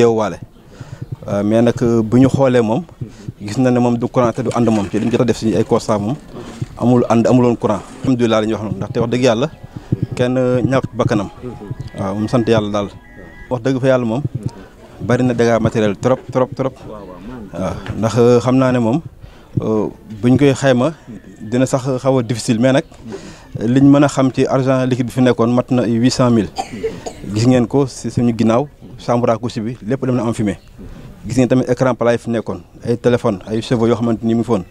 yeewuwaale euh, mais nag euh, bu ñu xoolee moom gis na ne moom du courant te du ànd moom ci li ñu jot a def si ay constat moom amul ànd amuloon courant alhamdulilah la ñuy wax noonu ndaxte wax dëgg yàlla kenn euh, ñàkk bakkanam waaw moom sant yàlla daal wax dëgg fa yàlla moom bari na dégâts matériel trop trop trop waaw ndax xam naa ne moom buñ koy xayma dina sax xaw a difficile mais nag liñ mën a xam ci argent liquide bi fi nekkoon mat na huit cent mille gis ngeen ko si suñu ginnaaw chambre à bi lépp dem na am fumée gis ngeen tamit écran plat fi nekkoon ay téléphone ay chevaux yoo xamante ni mu foon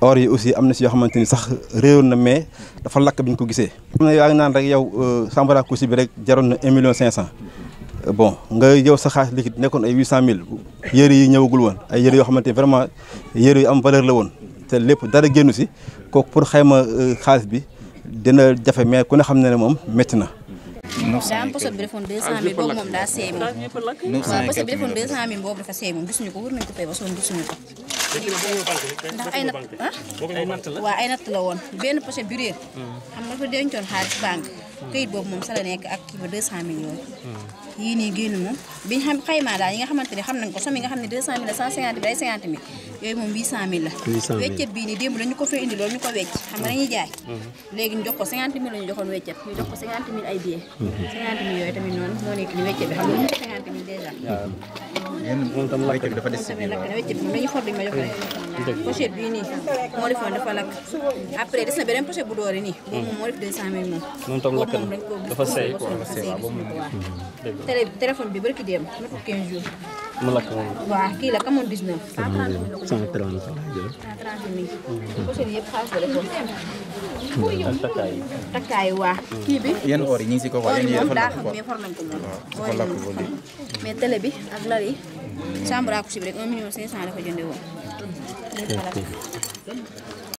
or yi aussi am na si yoo xamante ni sax réewoon na mais dafa lakk bi ñu ko gisee. am na yaa naan rek yow euh, chambre à bi rek jaroon na un cinq cent euh, bon nga yow sa xaalis liquide nekkoon ay huit cent mille yére yi ñëwagul woon ay yëre yoo xamante ni vraiment yére yu am valeur la woon te lépp dara génnu si kooku pour xayma euh, xaalis bi dina jafe mais ku ne xam ne ne moom métti na. daam poso bi defoon 200000 ah, boobu moom daa seey moom waaw poso bi defoon 200000 boobu dafa seey moom gisuñu ko wër nañ ko fay ba soon gisuñu ko ndax ah? ay natt la woon benn pochette bi réer hmm. xam nga dafa dencoon xaalis banque hmm. këyit boobu moom sa la nekk ak kii ba 200 hmm. yii nii génn moom biñ xam xaymaa daal yi nga xamante xam nañ ko somme yi nga xam ne 200 mille la 150 mille ay yooyu moom weccet bii nii démb dañu ko fee indi loolu ñu ko wecc xam nga dañuy jaay léegi ñu jox ko 50 mille yooyu tamit noonu moo nekk ni weccet bi xam nga ñu 50 mille déjà yenn béykat dafa des si biir waaw. dañuy for di ma jox rek. dëgg pochette bii nii moo defoon dafa lakk. après des na beneen pochette bu doore nii. Mm. moom moo def 200000 moom. moom tam lakk na dafa seey quoi dafa seey waaw moom télé téléphone bi barki dem na ko 15 jours. mu mm. lakk moom. waaw kii la kamoon 19. 130 130 130 pochette yëpp xaalis la defoon. Mm. ak takkaay yi. takkaay yi waa. kii bi yenn or yi ñu ngi si ko wax yenn yi dafa lakk ko waaw dafa lakk ko mais télé bi ak lal yi. chambre à coucher bi rek 1 million 500 la ko jëndee woon.